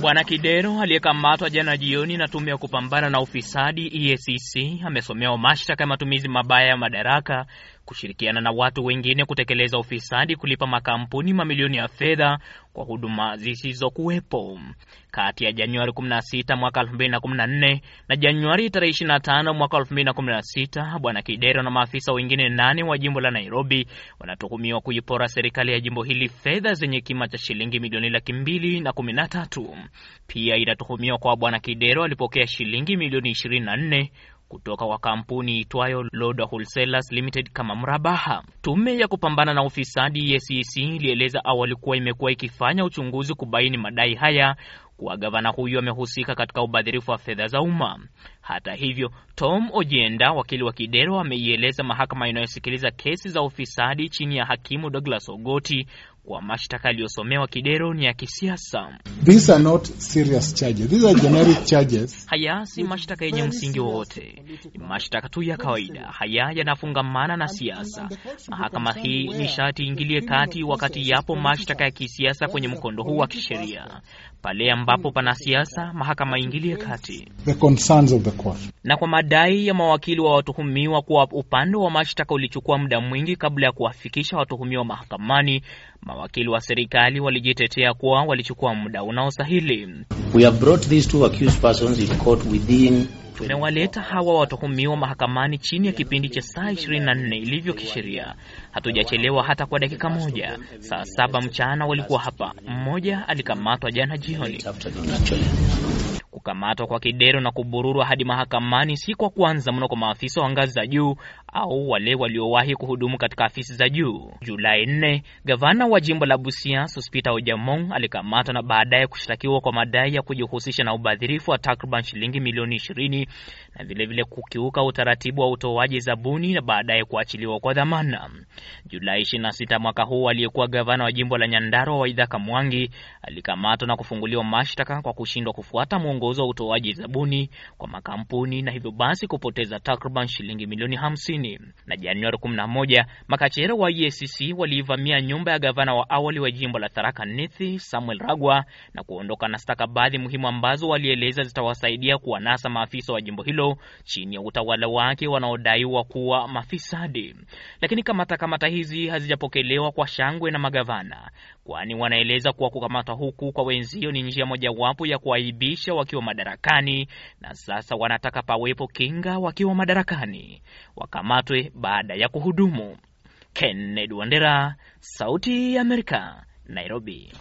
Bwana Kidero aliyekamatwa jana jioni na tume ya kupambana na ufisadi EACC amesomewa mashtaka ya matumizi mabaya ya madaraka kushirikiana na watu wengine kutekeleza ufisadi, kulipa makampuni mamilioni ya fedha kwa huduma zisizokuwepo. Kati ya Januari 16 mwaka 2014 na Januari 25 mwaka 2016, Bwana Kidero na maafisa wengine nane wa jimbo la Nairobi wanatuhumiwa kuipora serikali ya jimbo hili fedha zenye kima cha shilingi milioni laki mbili na kumi na tatu. Pia inatuhumiwa kwa Bwana Kidero alipokea shilingi milioni 24 kutoka kwa kampuni itwayo Loda Wholesalers Limited kama Mrabaha. Tume ya kupambana na ufisadi SEC ilieleza awali kuwa imekuwa ikifanya uchunguzi kubaini madai haya kuwa gavana huyo amehusika katika ubadhirifu wa fedha za umma. Hata hivyo, Tom ojenda wakili wa Kidero, ameieleza mahakama inayosikiliza kesi za ufisadi chini ya hakimu Douglas Ogoti kwa mashtaka yaliyosomewa Kidero ni ya kisiasa. Haya si mashtaka yenye msingi wowote, ni mashtaka tu ya kawaida. Haya yanafungamana na siasa. Mahakama hii ni sharti ingilie kati wakati yapo mashtaka ya kisiasa kwenye mkondo huu wa kisheria pale ambapo pana siasa, mahakama ingilie kati the concerns of the court. Na kwa madai ya mawakili wa watuhumiwa kuwa upande wa mashtaka ulichukua muda mwingi kabla ya kuwafikisha watuhumiwa mahakamani, mawakili wa serikali walijitetea kuwa walichukua muda unaostahili. We have brought these two accused persons in court within Tumewaleta hawa watuhumiwa mahakamani chini ya kipindi cha saa 24 ilivyo kisheria. Hatujachelewa hata kwa dakika moja. Saa saba mchana walikuwa hapa, mmoja alikamatwa jana jioni. Kukamatwa kwa Kidero na kubururwa hadi mahakamani si kwa kwanza mno kwa maafisa wa ngazi za juu au wale waliowahi kuhudumu katika afisi za juu. Julai 4, gavana wa jimbo la Busia Sospita Ojamong alikamatwa na baadaye kushtakiwa kwa madai ya kujihusisha na ubadhirifu wa takriban shilingi milioni 20 na vilevile vile kukiuka utaratibu wa utoaji zabuni na baadaye kuachiliwa kwa dhamana. Julai 26 mwaka huu, aliyekuwa gavana wa jimbo la Nyandarua Waidhaka Mwangi alikamatwa na kufunguliwa mashtaka kwa kushindwa kufuata mwongozo kupunguza utoaji zabuni kwa makampuni na hivyo basi kupoteza takriban shilingi milioni 50. Na Januari 11 makachero wa EACC waliivamia nyumba ya gavana wa awali wa jimbo la Tharaka Nithi Samuel Ragwa na kuondoka na stakabadhi muhimu ambazo walieleza zitawasaidia kuwanasa maafisa wa jimbo hilo chini ya utawala wake wanaodaiwa kuwa mafisadi. Lakini kamata kamata hizi hazijapokelewa kwa shangwe na magavana, kwani wanaeleza kuwa kukamata huku kwa wenzio ni njia mojawapo ya kuaibisha wakiwa madarakani, na sasa wanataka pawepo kinga wakiwa madarakani, wakamatwe baada ya kuhudumu. Kennedy Wandera, Sauti ya Amerika, Nairobi.